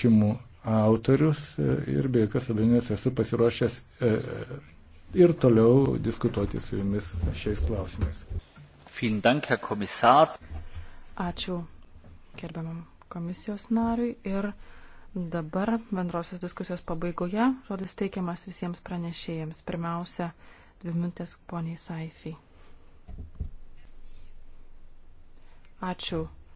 pranešimų autorius e, ir be jokios abejonės esu pasiruošęs e, ir toliau diskutuoti su jumis šiais klausimais. Ačiū gerbiamam komisijos nariui ir dabar bendrosios diskusijos pabaigoje žodis teikiamas visiems pranešėjams. Pirmiausia, dvi minutės poniai Saifiai. Ačiū